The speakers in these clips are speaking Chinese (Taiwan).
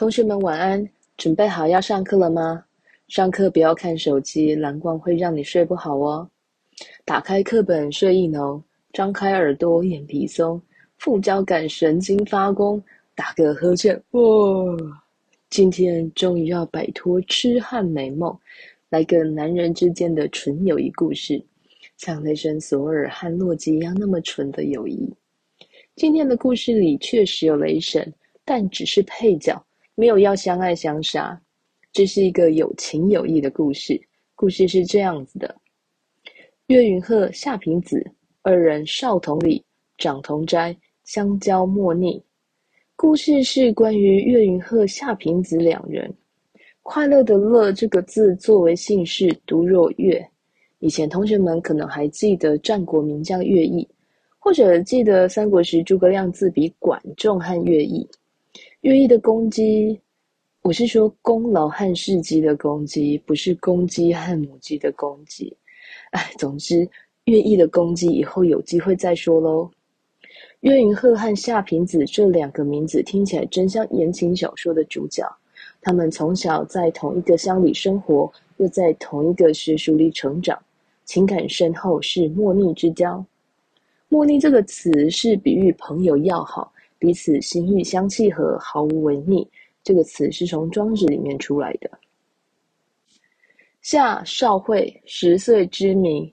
同學們晚安，準備好要上課了嗎？上課不要看手機，藍光會讓你睡不好哦。打開課本睡意濃，張開耳朵眼皮鬆，副交感神經發功，打個呵欠。哇、哦，今天終於要擺脫痴漢美夢，來個男人之間的純友誼故事，像雷神索爾和洛基一樣那麼純的友誼。今天的故事裡確實有雷神，但只是配角。沒有要相愛相殺，這是一個有情有義的故事。故事是這樣子的：岳雲鶴、夏平子二人少同里，長同齋，相交莫逆。故事是關於岳雲鶴、夏平子兩人。快樂的“樂”這個字作為姓氏，讀若“岳”。以前同學們可能還記得戰國名將樂毅，或者記得三國時諸葛亮自比管仲和樂毅。樂毅的功績，我是說功勞和事蹟的功績，不是公雞和母雞的公雞。哎，總之，樂毅的功績以後有機會再說嘍。樂雲鶴和夏平子這兩個名字聽起來真像言情小說的主角。他們從小在同一個鄉里生活，又在同一個學塾裡成長，情感深厚，是莫逆之交。莫逆這個詞是比喻朋友要好。彼此心意相契合，毫無違逆。這個詞是從《莊子》裡面出來的。夏少慧十歲之名，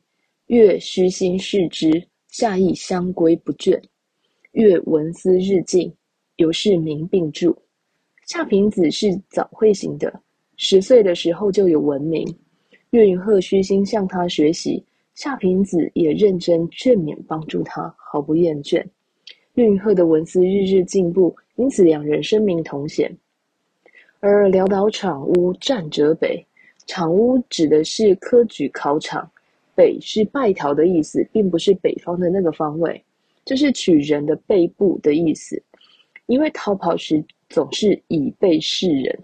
樂虛心事之，夏亦相規不倦。樂文思日進，由是名並著。夏平子是早慧型的，十歲的時候就有文名。樂雲鶴虛心向他學習，夏平子也認真勸勉幫助他，毫不厭倦。運鶴的文字日日進步，因此兩人聲名同顯。而潦倒場屋，戰輒北，場屋指的是科舉考場，北是敗逃的意思，並不是北方的那個方位，這是取人的背部的意思。因為逃跑時總是以背示人。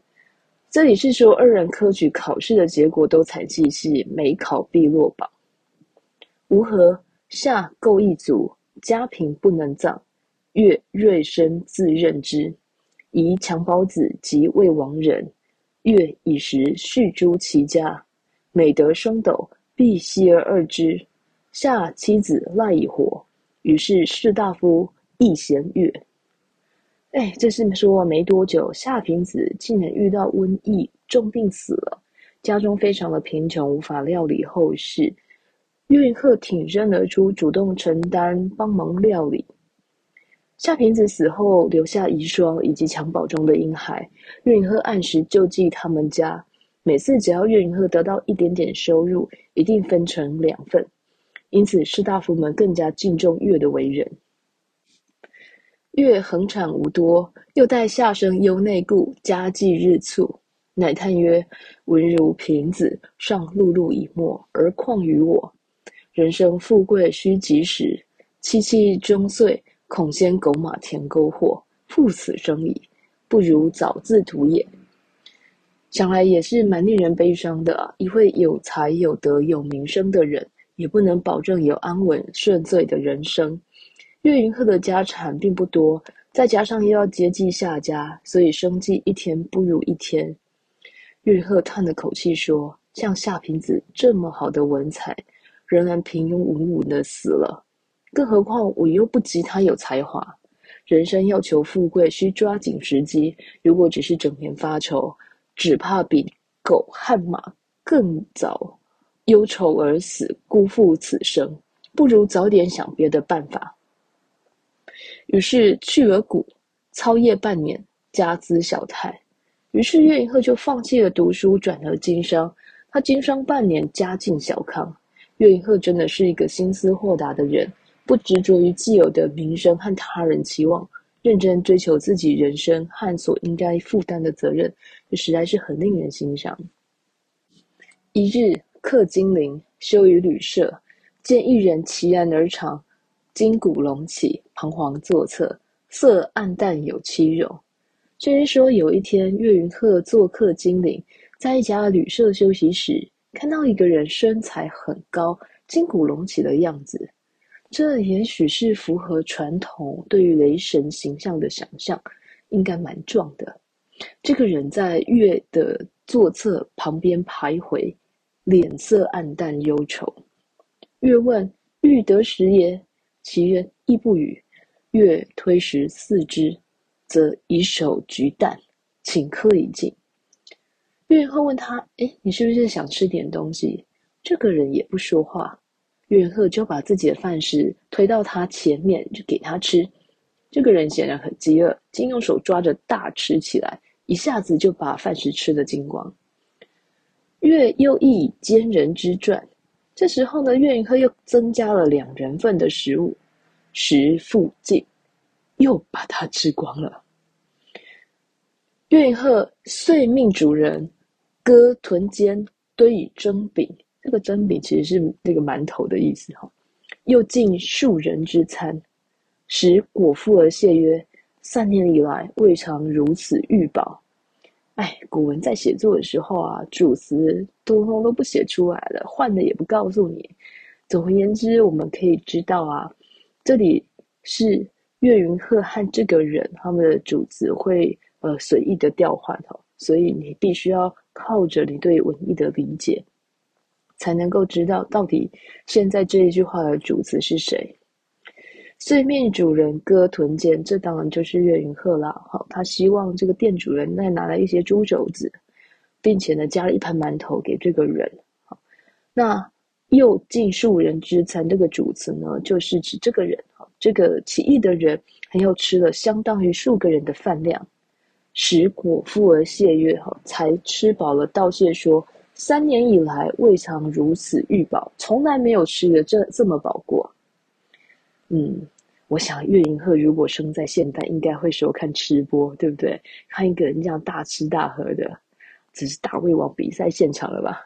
這裡是說二人科舉考試的結果都慘兮兮，每考必落榜。無何，夏遘疫卒，家貧不能葬。越瑞生自任之，遺襁褓子及未亡人。越以時恤諸其家，每得升斗，必息而二之。夏妻子賴以活，於是士大夫益賢越。哎，這、就是說沒多久，夏平子竟然遇到瘟疫，重病死了，家中非常的貧窮，無法料理後事。越客挺身而出，主動承擔，幫忙料理。夏平子死後留下遺孀以及襁褓中的嬰孩，樂雲鶴按時救濟他們家。每次只要樂雲鶴得到一點點收入，一定分成兩份。因此士大夫們更加敬重樂的為人。樂恆產無多，又代夏生憂內顧，家計日蹙。乃嘆曰：“文如平子，尚碌碌以沒，而況於我？人生富貴須及時，戚戚終歲。”恐先狗馬填溝禍，負此生矣，不如早自圖也。想來也是蠻令人悲傷的，一位有才、有德、有名聲的人，也不能保證有安穩順遂的人生。岳雲鶴的家產並不多，再加上又要接濟夏家，所以生計一天不如一天。岳雲鶴嘆了口氣說：“像夏平子這麼好的文采，仍然平庸無武的死了。”更何況我又不及他有才華，人生要求富貴，需抓緊時機。如果只是整天發愁，只怕比狗和馬更早憂愁而死，辜負此生。不如早點想別的辦法。於是去而賈，操業半年，家資小泰。於是樂雲鶴就放棄了讀書，轉而經商。他經商半年，家境小康。樂雲鶴真的是一個心思豁達的人。不執着於既有的名聲和他人期望，認真追求自己人生和所應該負擔的責任，這實在是很令人欣賞。一日，客金陵，休於旅社，見一人奇然而長，筋骨隆起，彷徨坐側，色暗淡有欺容。就是說，有一天，岳雲鶴做客金陵，在一家旅社休息時，看到一個人身材很高，筋骨隆起的樣子。這也許是符合傳統對於雷神形象的想象，應該蠻壯的。這個人，在月的座側旁邊徘徊，臉色黯淡憂愁。月問：“欲得食耶？”其人亦不語。月推食四之，則以手舉啖，頃刻已盡。月後問他：“哎，你是不是想吃點東西？”這個人也不說話。岳雲鶴就把自己的飯食推到他前面，就給他吃。這個人顯然很飢餓，竟用手抓着大吃起來，一下子就把飯食吃得精光。岳又益以兼人之饌。這時候呢，岳雲鶴又增加了兩人份的食物，食復盡，又把他吃光了。岳雲鶴遂命主人割豚肩堆以蒸餅。這個蒸餅其實是那個饅頭的意思哈。又進數人之餐，使果腹而謝曰：“三年以來，未嘗如此飫飽。”哎，古文在寫作的時候啊，主詞通通都不寫出來了，換的也不告訴你。總而言之，我們可以知道啊，這裡是樂雲鶴和這個人他們的主詞會呃隨意的調換哈，所以你必須要靠着你對文意的理解。才能夠知道到底現在這一句話的主詞是誰？遂命主人割豚肩，這當然就是樂雲鶴啦。好，他希望這個店主人那拿來一些豬肘子，並且呢，加了一盤饅頭給這個人。那又盡數人之餐，這個主詞呢，就是指這個人。這個起義的人還又吃了相當於數個人的飯量，食果腹而謝曰，好，才吃飽了，道謝說。”三年以來未嘗如此欲飽，從來沒有吃的這這麼飽過。嗯，我想樂雲鶴如果生在現代，應該會收看吃播，對不對？看一個人這樣大吃大喝的，只是大胃王比賽現場了吧？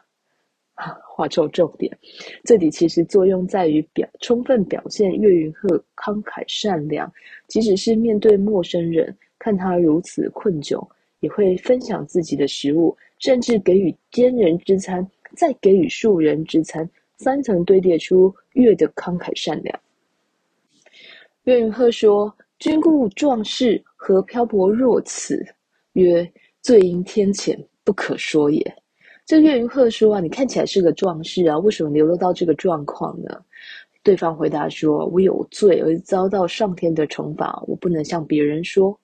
啊，話抽重點，這裡其實作用在於表充分表現樂雲鶴慷慨善良，即使是面對陌生人，看他如此困窘，也會分享自己的食物。甚至給予奸人之餐，再給予庶人之餐，三層堆疊出岳的慷慨善良。岳雲鶴說：“君固壯士，何漂泊若此？”曰：“罪因天譴，不可說也。”這岳雲鶴說：“啊，你看起來是個壯士啊，為什麼流落到這個狀況呢？”對方回答說：“我有罪，我遭到上天的懲罰，我不能向別人說。”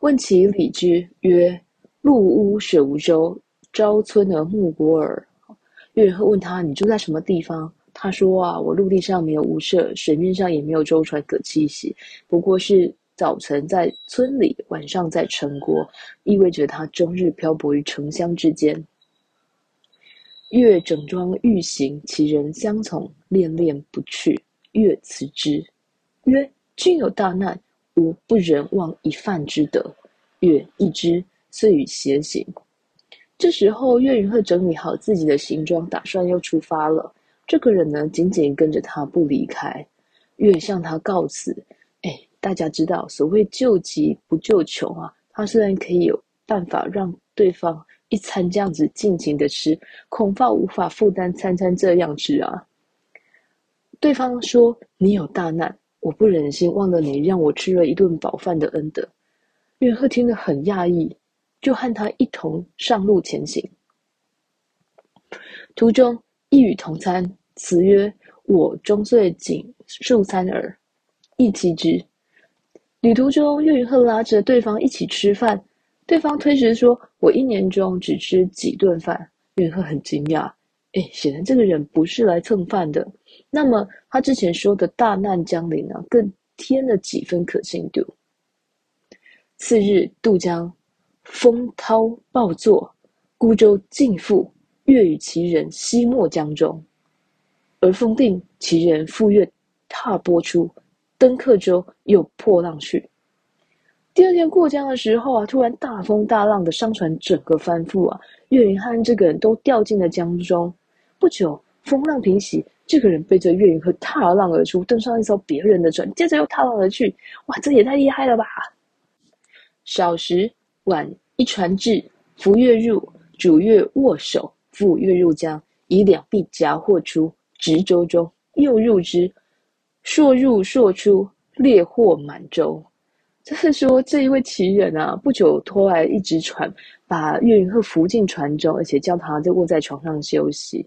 問其里居曰。陸無屋，水無舟，朝村而暮郭耳，樂問他：“你住在什麼地方？”他說：“啊，我陸地上沒有屋舍，水面上也沒有舟船可棲息，不過是早晨在村裡，晚上在城郭，意味着他終日漂泊於城鄉之間。”樂整裝欲行，其人相從，戀戀不去。樂辭之，曰：“君有大難，吾不忍忘一飯之德。月”樂異之。遂與偕行，這時候樂雲鶴整理好自己的行裝，打算要出發了。這個人呢，緊緊跟着他不離開。樂向他告辭：“哎，大家知道所謂救急不救窮啊。他雖然可以有辦法讓對方一餐這樣子盡情的吃，恐怕無法負擔餐餐這樣吃啊。”對方說：“你有大難，我不忍心忘了你讓我吃了一頓飽飯的恩德。”樂雲鶴聽得很訝異。就和他一同上路前行，途中亦與同餐，辭曰：“我終歲僅數餐耳，亦乞之。”旅途中，岳雲鶴拉着對方一起吃飯，對方推辭說：“我一年中只吃幾頓飯。”岳雲鶴很驚訝，哎，顯然這個人不是來蹭飯的。那麼他之前說的大難將臨呢、啊，更添了幾分可信度。次日渡江。風濤暴作，孤舟盡覆。樂與其人悉沒江中。而風定，其人復月踏波出，登客舟，又破浪去。第二天過江的時候啊，突然大風大浪的，商船整個翻覆啊，岳雲漢這個人都掉進了江中。不久，風浪平息，這個人背着岳雲鶴踏浪而出，登上一艘別人的船，接着又踏浪而去。哇，這也太厲害了吧！少時。挽一船至，扶樂入，主樂握手，復躍入江，以兩臂夾貨出，擲舟中，又入之，數入數出，獵獲滿舟。這是說這一位奇人啊，不久拖來一隻船，把樂雲鶴扶進船中，而且叫他就臥在床上休息。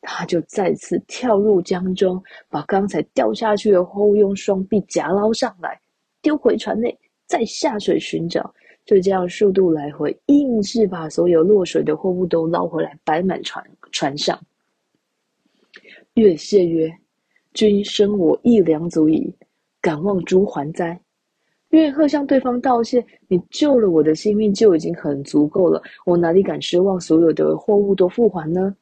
他就再次跳入江中，把剛才掉下去的貨物用雙臂夾撈上來，丟回船內，再下水尋找。就這樣，數度來回，硬是把所有落水的貨物都撈回來，擺滿船船上。樂謝曰：“君生我亦良足矣，敢望珠還哉？”樂鶴向對方道謝：“你救了我的性命就已經很足夠了，我哪裡敢奢望所有的貨物都復還？呢？”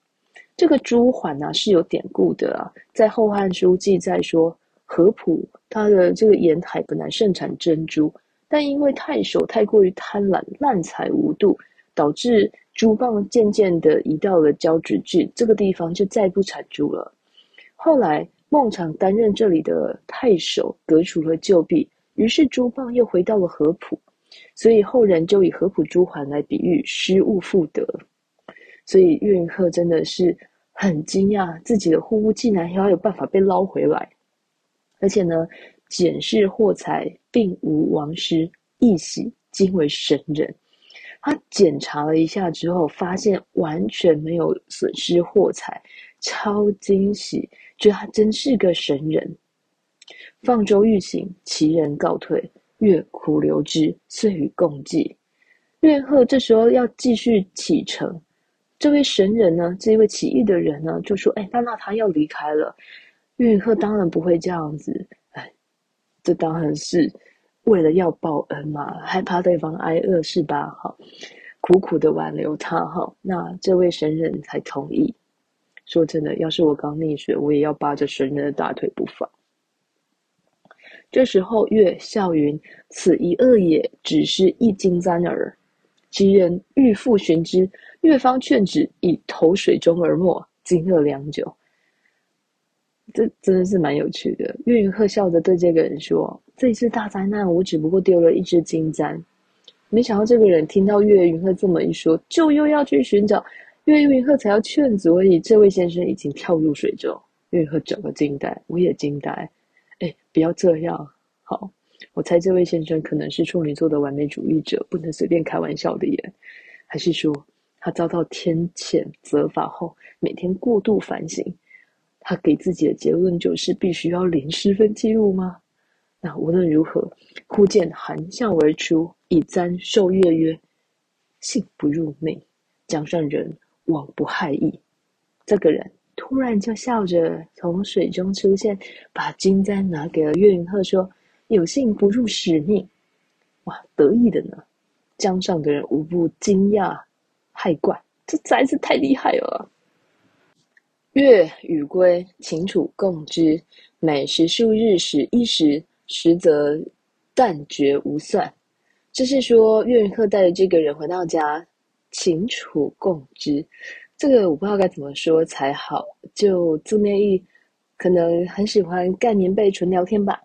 這個珠還啊是有典故的啊，在《後漢書》記載說，合浦它的這個沿海本來盛產珍珠。但因為太守太過於貪婪，濫採無度，導致珠蚌漸漸的移到了交趾郡這個地方，就再不產珠了。後來孟嘗擔任這裡的太守，革除了舊弊，於是珠蚌又回到了合浦，所以後人就以合浦珠還來比喻失物復得。所以樂雲鶴真的是很驚訝，自己的貨物竟然還要有辦法被撈回來，而且呢。檢視貨財，並無亡失，一喜，敬為神人。他檢查了一下之後，發現完全沒有損失貨財，超驚喜，覺得他真是個神人。放舟欲行，其人告退。月苦留之，遂與共濟。岳鶴這時候要繼續啟程，這位神人呢，這位奇異的人呢，就說：“哎，那那他要離開了。”岳鶴當然不會這樣子。這當然是為了要報恩嘛，害怕對方挨餓是吧？好，苦苦的挽留他，好，那這位神人才同意。說真的，要是我剛溺水，我也要扒着神人的大腿不放。這時候，月、笑云：“此一餓也，只是一金簪耳。”其人欲復尋之，月方勸止，以投水中而沒，驚愕良久。這真的是蠻有趣的。岳雲鶴笑着對這個人說：“這一次大災難，我只不過丟了一隻金簪。”沒想到，這個人聽到岳雲鶴這麼一說，就又要去尋找。岳雲鶴才要勸阻，所以這位先生已經跳入水中。岳雲鶴整個驚呆，我也驚呆。哎，不要這樣！好，我猜這位先生可能是處女座的完美主義者，不能隨便開玩笑的耶。還是說，他遭到天譴責罰後，每天過度反省？他給自己的結論就是必須要零失分記錄嗎？那無論如何，忽見含笑而出，以簪授樂曰：“幸不辱命。”江上人罔不駭異。這個人突然就笑着從水中出現，把金簪拿給了樂雲鶴，說：“有幸不辱使命。”哇，得意的呢！江上的人無不驚訝、駭怪，這才是太厲害了。月與歸，寢處共之。每十數日始一食，食則斷絕無算。就是說，岳雲鶴帶着這個人回到家，寢處共之。這個我不知道該怎麼說才好，就字面意，可能很喜歡蓋棉被純聊天吧。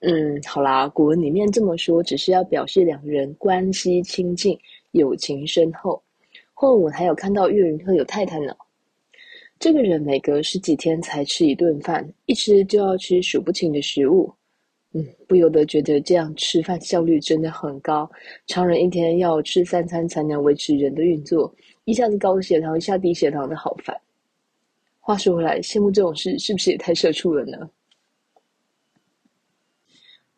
嗯，好啦，古文裡面這麼說，只是要表示兩個人關係親近，友情深厚。或我還有看到岳雲鶴有太太呢。這個人每隔十幾天才吃一頓飯，一吃就要吃數不清的食物，嗯，不由得覺得這樣吃飯效率真的很高。常人一天要吃三餐才能維持人的運作，一下子高血糖，一下低血糖的好煩。話說回來，羨慕這種事是不是也太社畜了呢？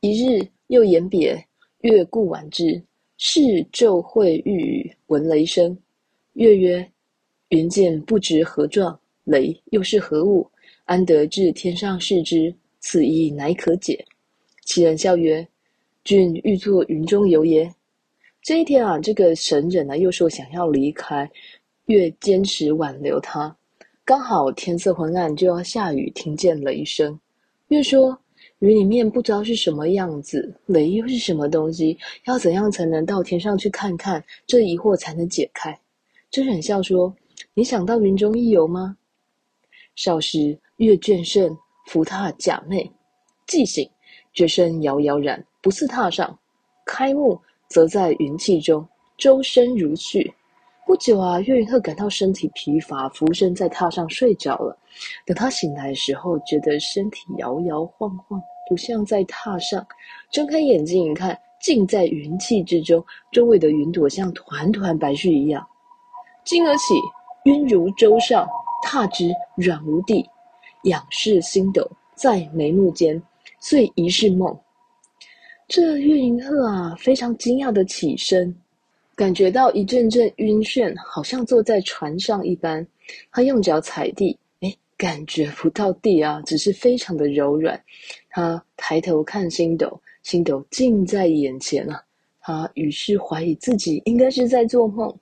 一日又言別，樂固挽之，是日晦欲雨，聞雷聲。樂曰：“雲間不知何狀。”雷又是何物？安得至天上視之？此意乃可解。其人笑曰：“君欲作雲中游耶？”這一天啊，這個神人呢，又說想要離開，越堅持挽留他。剛好天色昏暗，就要下雨，聽見雷聲。越說，雲裡面不知道是什麼樣子，雷又是什麼東西？要怎樣才能到天上去看看？這疑惑才能解開。這人笑說：“你想到雲中一游嗎？”少時月倦甚，伏榻假寐，既醒，覺身搖搖然，不似榻上。開目，則在雲氣中，周身如絮。不久啊，岳雲鶴感到身體疲乏，伏身在榻上睡着了。等他醒來的時候，覺得身體搖搖晃晃，不像在榻上。睜開眼睛一看，竟在雲氣之中，周圍的雲朵像團團白絮一樣。驚而起，暈如舟上。踏之軟無地，仰視星斗，在眉目間，遂疑是夢。這樂雲鶴啊，非常驚訝的起身，感覺到一陣陣暈眩，好像坐在船上一般。他用腳踩地誒，感覺不到地啊，只是非常的柔軟。他抬頭看星斗，星斗近在眼前啊。他於是懷疑自己應該是在做夢。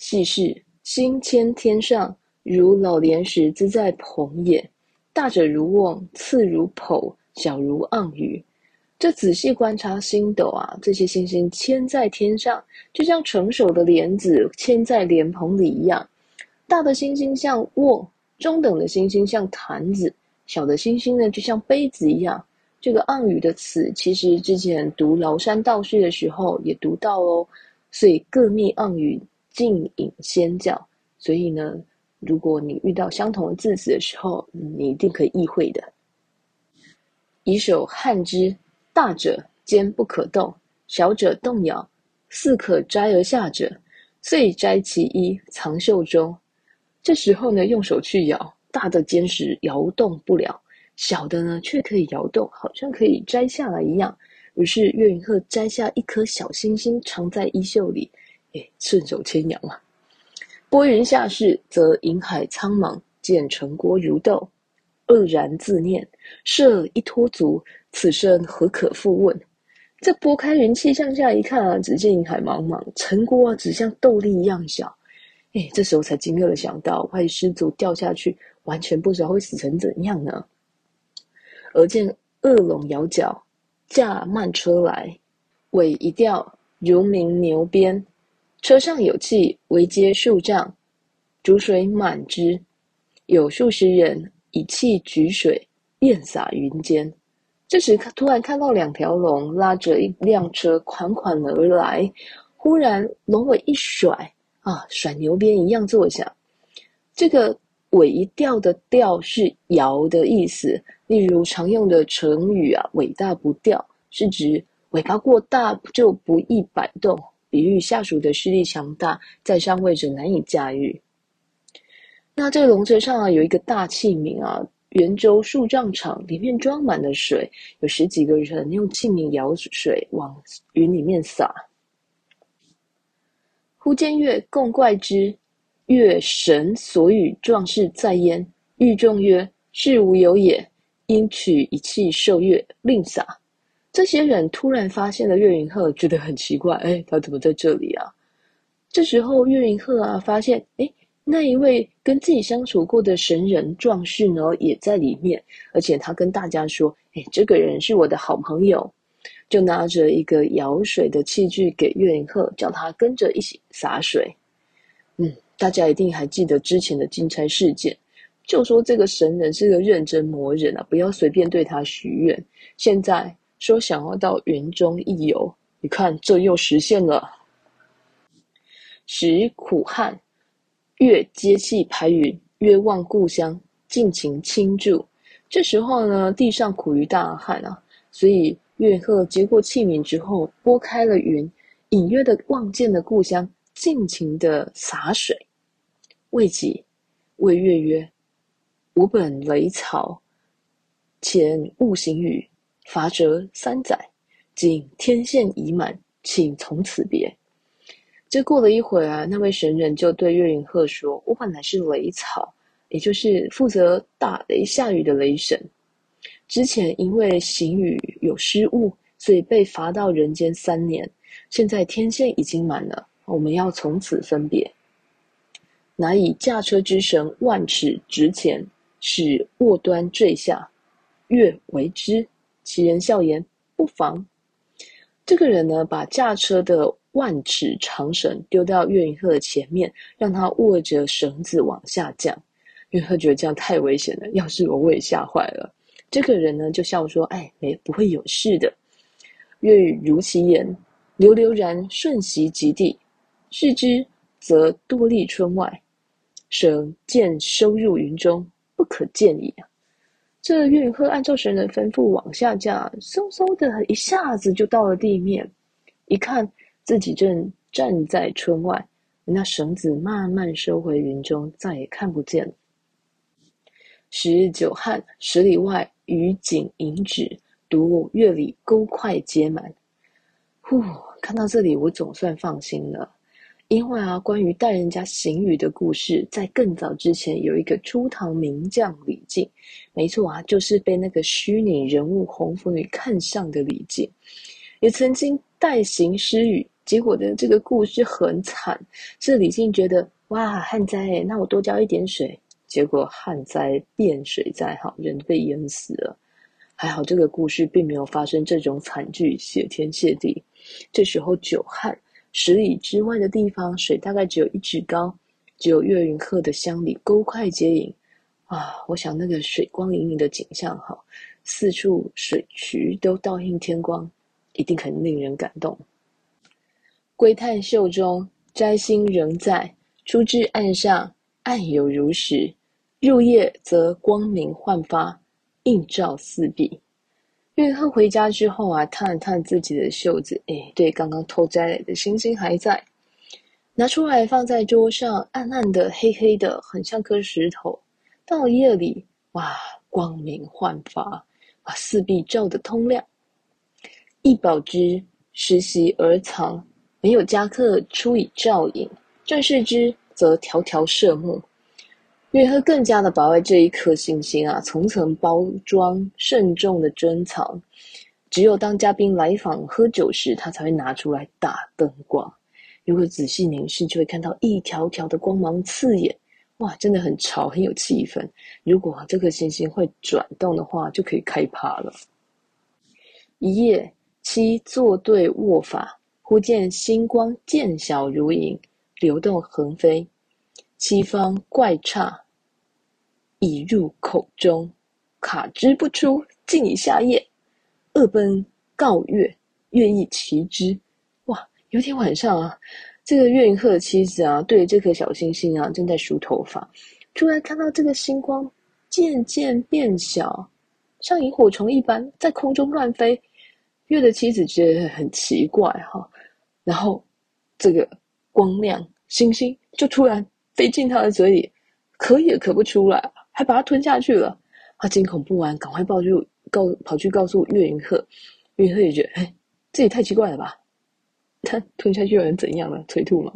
細視。星牽天上，如老蓮實之在蓬也。大者如瓮，次如瓿，小如盎盂。這仔細觀察星斗啊，這些星星牽在天上，就像成熟的蓮子牽在蓮蓬裡一樣。大的星星像瓮，中等的星星像壇子，小的星星呢，就像杯子一樣。這個盎盂的詞，其實之前讀嶗山道士的時候也讀到哦，所以各密盎盂靜影仙教，所以呢，如果你遇到相同的字詞的時候，你一定可以意會的。以手撼之，大者堅不可動，小者動搖，似可摘而下者，遂摘其一，藏袖中。這時候呢，用手去搖，大的堅實搖動不了，小的呢，卻可以搖動，好像可以摘下來一樣。於是樂雲鶴摘下一顆小星星，藏在衣袖裡。哎、順手牽羊嘛，撥雲下視，則銀海蒼茫，見城郭如豆。愕然自念：設一脫足，此身何可復問？這撥開雲氣向下一看啊，只見銀海茫茫，城郭啊，只像豆粒一樣小。哎，這時候才驚愕的想到，萬一失足掉下去，完全不知道會死成怎樣呢？而見惡龍夭矯，駕慢車來，尾一掉，如鳴牛鞭。車上有氣，圍街數丈，竹水滿之，有數十人以氣舉水，便灑雲間。這時突然看到兩條龍拉着一輛車款款而來，忽然龍尾一甩啊，甩牛鞭一樣作響。這個尾一掉的掉是搖的意思，例如常用的成語啊，尾大不掉，是指尾巴過大就不易擺動。比喻下屬的勢力強大，在上位者難以駕馭。那這個龍車上啊，有一個大器皿啊，圓周數丈長，裡面裝滿了水，有十幾個人用器皿舀水往雲裡面灑。忽見月共怪之，月神所與壯士在焉。欲眾曰：“是無有也，應取一器受月，令灑。”這些人突然發現了岳雲鶴，覺得很奇怪，哎，他怎麼在這裡啊？這時候岳雲鶴啊，發現誒，那一位跟自己相處過的神人壯士呢，也在裡面，而且他跟大家說，哎，這個人是我的好朋友，就拿着一個舀水的器具給岳雲鶴，叫他跟着一起灑水。嗯，大家一定還記得之前的金釵事件，就說這個神人是個認真魔人啊，不要隨便對他許願。現在。說想要到雲中一遊，你看這又實現了。時苦漢月接氣排雲，越望故鄉，盡情傾注。這時候呢，地上苦於大旱啊，所以月賀接過器皿之後，撥開了雲，隱約的望見了故鄉，盡情的灑水。為己，為月曰：“吾本雷草，遣物行雨。”罰折三載，今天限已滿，請從此別。這過了一會兒啊，那位神人就對岳雲鶴說：“我本來是雷曹，也就是負責打雷下雨的雷神。之前因為行雨有失誤，所以被罰到人間三年。現在天限已經滿了，我們要從此分別。”乃以駕車之繩，萬尺直前，使握端墜下，月為之。其人笑言：“不妨。”這個人呢，把駕車的萬尺長繩丟到岳雲鶴的前面，讓他握着繩子往下降，岳雲鶴覺得這樣太危險了，要是我我也嚇壞了。這個人呢，就笑說：“哎，沒不會有事的。”岳雲如其言，流流然瞬息及地，視之則墮立村外，繩漸收入雲中，不可見矣。這樂雲鶴按照神的吩咐往下降，嗖嗖的一下子就到了地面。一看自己正站在村外，那繩子慢慢收回雲中，再也看不見了。十日九旱，十里外雨景隱止，獨我月里溝澮皆滿。呼，看到這裡我總算放心了。因為啊，關於代人家行雨的故事，在更早之前有一個初唐名將李靖，沒錯啊，就是被那個虛擬人物紅拂女看上的李靖，也曾經代行施雨，結果呢，這個故事很慘，是李靖覺得哇旱災，欸，那我多澆一點水。結果旱災變水災，好人被淹死了。還好這個故事並沒有發生這種慘劇，謝天謝地。這時候久旱。十里之外的地方，水大概只有一尺高，只有岳雲鶴的鄉里鈎快接影啊！我想那個水光盈盈的景象，哈，四處水渠都倒映天光，一定很令人感動。歸探袖中，摘星仍在；出置案上，黯黝如石。入夜則光明煥發，映照四壁。雲鶴回家之後啊，探了探自己的袖子，哎，對，剛剛偷摘的星星還在，拿出來放在桌上，暗暗的，黑黑的，很像顆石頭。到夜裡，哇，光明煥發，把、啊、四壁照得通亮。一寶之，什襲而藏，沒有家客出以照影。正視之，則條條射目。為何更加的把愛這一顆星星啊，層層包裝，慎重的珍藏？只有當嘉賓來訪喝酒時，他才會拿出來打燈光。如果仔細凝視，就會看到一條條的光芒刺眼，哇，真的很潮，很有氣氛。如果、啊、這顆星星會轉動的話，就可以開趴了。一夜七，七坐對握法，忽見星光漸小如影，流動橫飛。七方怪差，已入口中，卡之不出，敬以下咽。惡奔告月，月亦其之。哇，有一天晚上啊，這個月雲鶴的妻子啊，對着這顆小星星啊，正在梳頭髮，突然看到這個星光漸漸變小，像螢火蟲一般在空中亂飛。月的妻子覺得很奇怪哈、哦，然後這個光亮星星就突然，飛進他的嘴裡，咳也咳不出來，還把它吞下去了。他驚恐不安，趕快抱住，告跑去告訴樂雲鶴。樂雲鶴也覺得，哎，這也太奇怪了吧？他吞下去又能怎樣呢？催吐嗎？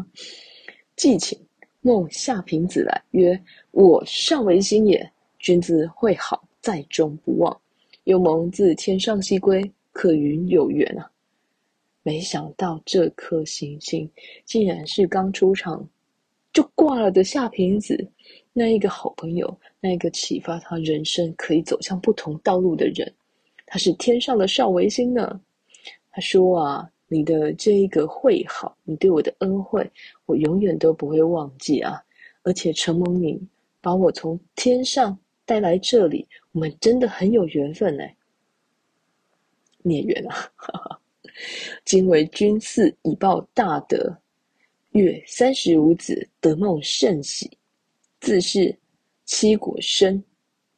既寢夢夏平子來曰：“我少微星也，君之惠好，在中不忘。又蒙自天上攜歸，可云有緣啊。”沒想到這顆行星竟然是剛出場。就掛了的夏平子，那一個好朋友，那一個啟發他人生可以走向不同道路的人，他是天上的少微星呢。他說啊，你的這一個惠好，你對我的恩惠，我永遠都不會忘記啊。而且承蒙你把我從天上帶來這裡，我們真的很有緣分呢。孽緣啊，哈哈，今為君嗣，以報大德。月三十五子得夢甚喜，自是七果生，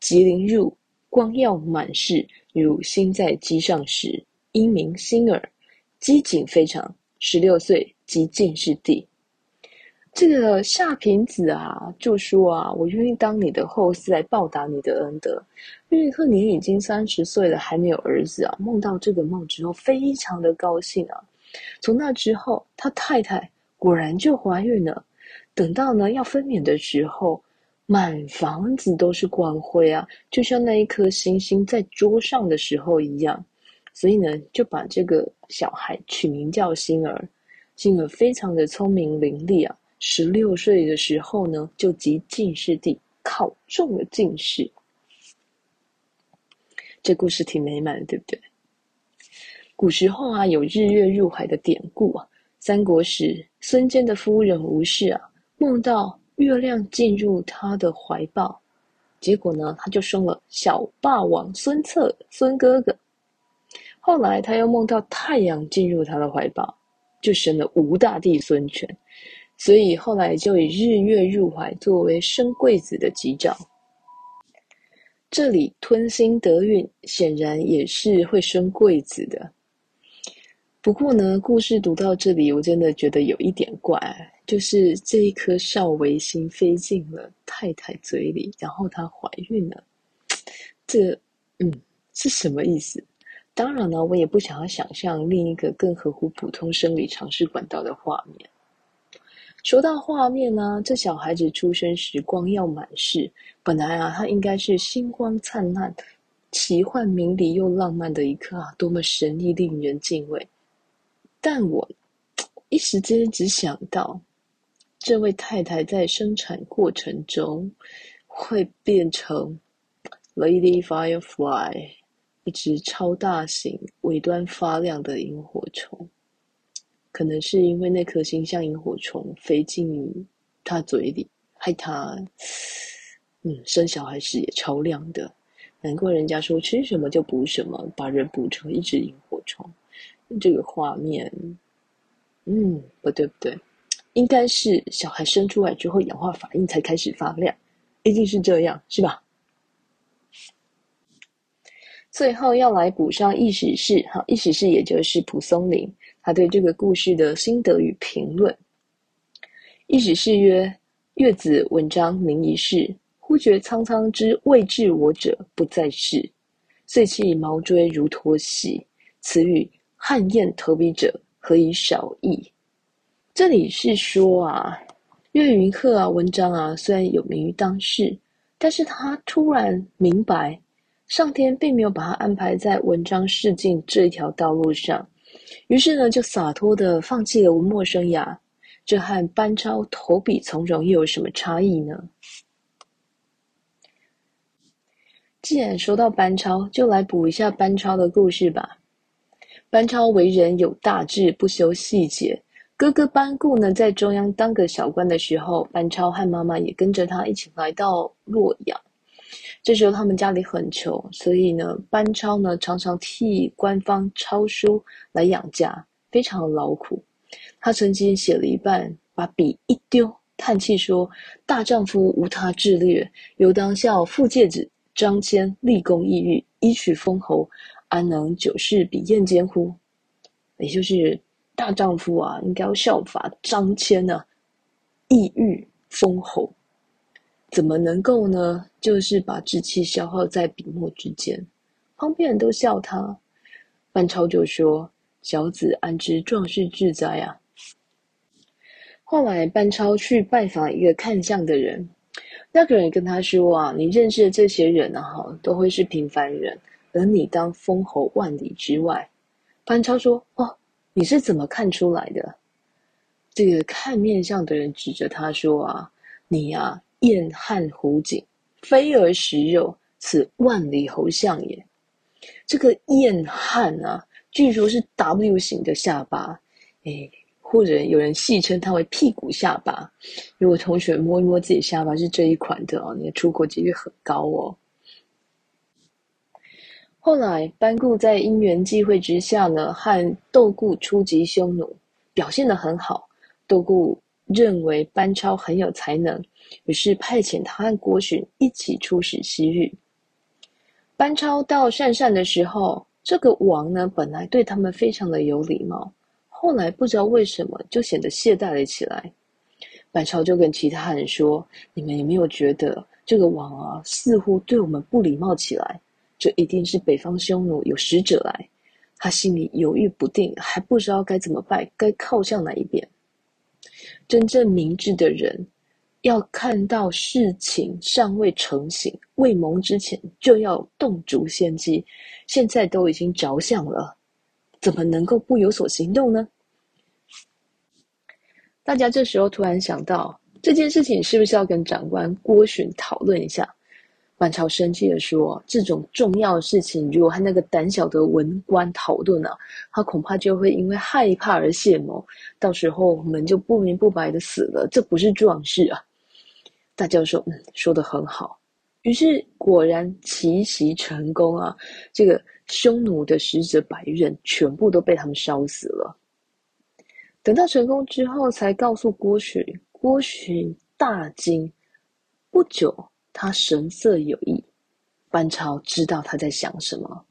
吉林入光耀滿室。如心在機上時，因明心耳，機警非常。十六歲即進士第。這個夏平子啊，就說啊，我願意當你的後嗣來報答你的恩德，因為賀寧已經三十歲了，還沒有兒子啊。夢到這個夢之後，非常的高興啊。從那之後，他太太。果然就懷孕了，等到呢要分娩的時候，滿房子都是光輝啊，就像那一顆星星在桌上的時候一樣，所以呢就把這個小孩取名叫星兒。星兒非常的聰明伶俐啊，十六歲的時候呢就及進士第，考中了進士。這故事挺美滿的，對不對？古時候啊有日月入海的典故啊，三國時。孫堅的夫人吳氏啊，夢到月亮進入他的懷抱，結果呢，他就生了小霸王孫策，孫哥哥。後來他又夢到太陽進入他的懷抱，就生了吳大帝孫權。所以後來就以日月入懷作為生貴子的吉兆。這裡吞星得運，顯然也是會生貴子的。不過呢，故事讀到這裡，我真的覺得有一點怪，就是這一顆少微星飛進了太太嘴裡，然後她懷孕了，這，嗯，是什麼意思？當然呢，我也不想要想象另一個更合乎普通生理常識管道的畫面。說到畫面呢，啊，這小孩子出生時光耀滿室，本來啊，他應該是星光燦爛、奇幻迷離又浪漫的一刻啊，多麼神秘，令人敬畏。但我一時間只想到，這位太太在生產過程中會變成 Lady Firefly，一隻超大型尾端發亮的螢火蟲。可能是因為那顆星像螢火蟲飛進她嘴裡，害她嗯生小孩時也超亮的。難怪人家說，吃什麼就補什麼，把人補成一隻螢火蟲。這個畫面，嗯，不對不對，應該是小孩生出來之後，氧化反應才開始發亮，一定是這樣，是吧？最後要來補上《異史氏》哈，《異史氏》也就是蒲松齡他對這個故事的心得與評論。《異史氏》曰：“月子文章名一世，忽覺蒼蒼之未至我者不在世，遂棄毛錐如脫屣。”此語。漢雁投筆者，何以少意？這裡是說啊，樂雲鶴啊，文章啊，雖然有名於當世，但是他突然明白，上天並沒有把他安排在文章仕進這一條道路上，於是呢，就灑脫的放棄了文墨生涯。這和班超投筆從戎又有什麼差異呢？既然說到班超，就來補一下班超的故事吧。班超為人有大志，不修細節。哥哥班固呢，在中央當個小官的時候，班超和媽媽也跟着他一起來到洛陽。這時候他們家裡很窮，所以呢，班超呢常常替官方抄書來養家，非常勞苦。他曾經寫了一半，把筆一丟，嘆氣說：“大丈夫無他志略，猶當效傅介子、張騫，立功異域，一取封侯。”安能久事筆硯間乎？也就是大丈夫啊，應該要效法張騫呢、啊，意欲封侯。怎麼能夠呢？就是把志氣消耗在筆墨之間，旁邊人都笑他。班超就說：“小子安知壯士志哉啊！”後來班超去拜訪一個看相的人，那個人跟他說：“啊，你認識的這些人啊，哈，都會是平凡人。”而你當封侯萬里之外，班超說：“哦，你是怎麼看出來的？”這個看面相的人指着他說：“啊，你呀、啊，燕頷虎頸，飛而食肉，此萬里侯相也。”這個燕頷啊，據說是 W 型的下巴，誒，或者有人戲稱它為屁股下巴。如果同學摸一摸自己下巴是這一款的哦，你的出國幾率很高哦。後來，班固在因緣際會之下呢，和竇固出擊匈奴，表現得很好。竇固認為班超很有才能，於是派遣他和郭恂一起出使西域。班超到鄯善，善的時候，這個王呢，本來對他們非常的有禮貌，後來不知道為什麼就顯得懈怠了起來。班超就跟其他人說：“你們有沒有覺得這個王啊，似乎對我們不禮貌起來？”這一定是北方匈奴有使者來，他心裡猶豫不定，還不知道該怎麼辦，該靠向哪一邊。真正明智的人，要看到事情尚未成形，未萌之前，就要洞燭先機。現在都已經着想了，怎麼能夠不有所行動呢？大家這時候突然想到，這件事情是不是要跟長官郭洵討,討論一下？班超生氣地說：“這種重要的事情，如果和那個膽小的文官討論啊，他恐怕就會因為害怕而洩謀，到時候我們就不明不白的死了，這不是壯士啊！”大教授，嗯，說得很好。於是果然奇襲成功啊！這個匈奴的使者百人全部都被他們燒死了。等到成功之後，才告訴郭恂，郭恂大驚。不久。他神色有異，班超知道他在想什麼，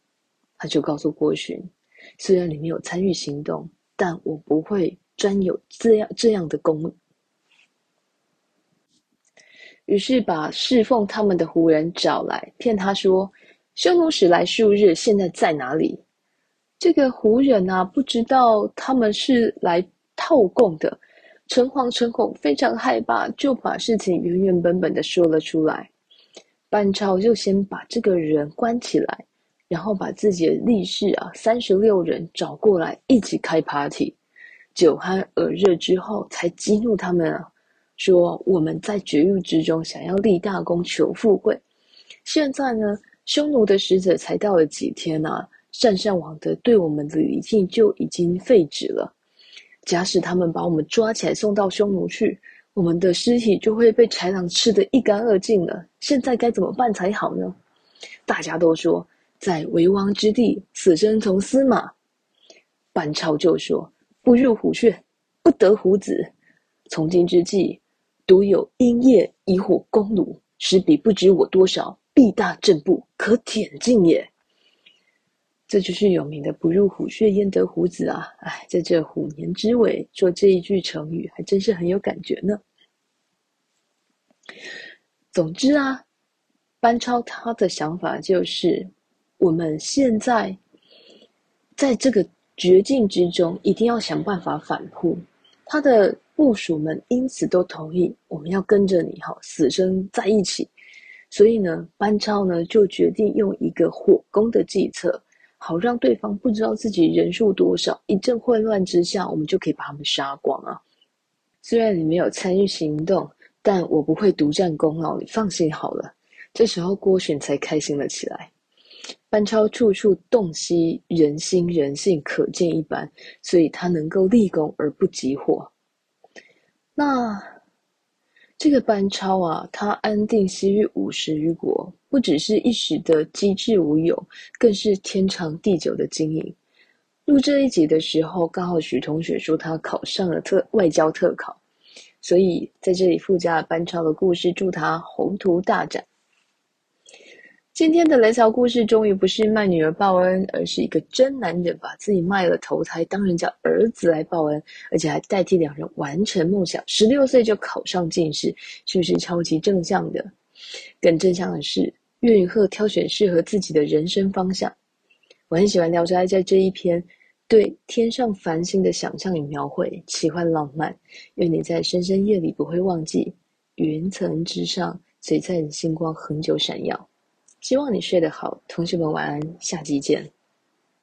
他就告訴郭循：“雖然你沒有參與行動，但我不會專有這樣這樣的功。”於是把侍奉他們的胡人找來，騙他說：“匈奴使來數日，現在在哪裡？”這個胡人啊，不知道他們是來套供的，誠惶誠恐，非常害怕，就把事情原原本本的說了出來。班超就先把這個人關起來，然後把自己的力士啊三十六人找過來一起開 party，酒酣耳熱之後，才激怒他們啊，說：“我們在絕域之中想要立大功求富貴，現在呢，匈奴的使者才到了幾天啊，鄯善王的對我們的禮敬就已經廢止了。假使他們把我們抓起來送到匈奴去。”我們的屍體就會被豺狼吃的一乾二淨了。現在該怎麼辦才好呢？大家都說，在危亡之地，死生從司馬。班超就說：“不入虎穴，不得虎子。從今之計，獨有陰夜以火攻虜，使彼不知我多少，必大震怖，可殄盡也。”這就是有名的“不入虎穴，焉得虎子”啊！哎，在這虎年之尾做這一句成語，還真是很有感覺呢。總之啊，班超他的想法就是，我們現在在這個絕境之中，一定要想辦法反撲。他的部屬們因此都同意，我們要跟着你哈、哦，死生在一起。所以呢，班超呢就決定用一個火攻的計策。好讓對方不知道自己人數多少，一陣混亂之下，我們就可以把他們殺光啊！雖然你沒有參與行動，但我不會獨佔功勞，你放心好了。這時候郭選才開心了起來。班超處處洞悉人心人性，可見一斑，所以他能夠立功而不急火。那。這個班超啊，他安定西域五十餘國，不只是一時的機智無友，更是天長地久的經營。錄這一集的時候，剛好許同學說他考上了特外交特考，所以在這裡附加了班超的故事，祝他宏圖大展。今天的雷曹故事終於不是賣女兒報恩，而是一個真男人把自己賣了投胎當人家兒子來報恩，而且還代替兩人完成夢想，十六歲就考上進士，是不是超級正向的？更正向的是，樂雲鶴挑選適合自己的人生方向。我很喜歡聊齋在這一篇對天上繁星的想象與描繪，奇幻浪漫。願你在深深夜裡不會忘記，雲層之上璀璨星光恆久閃耀。希望你睡得好，同學們晚安，下期見。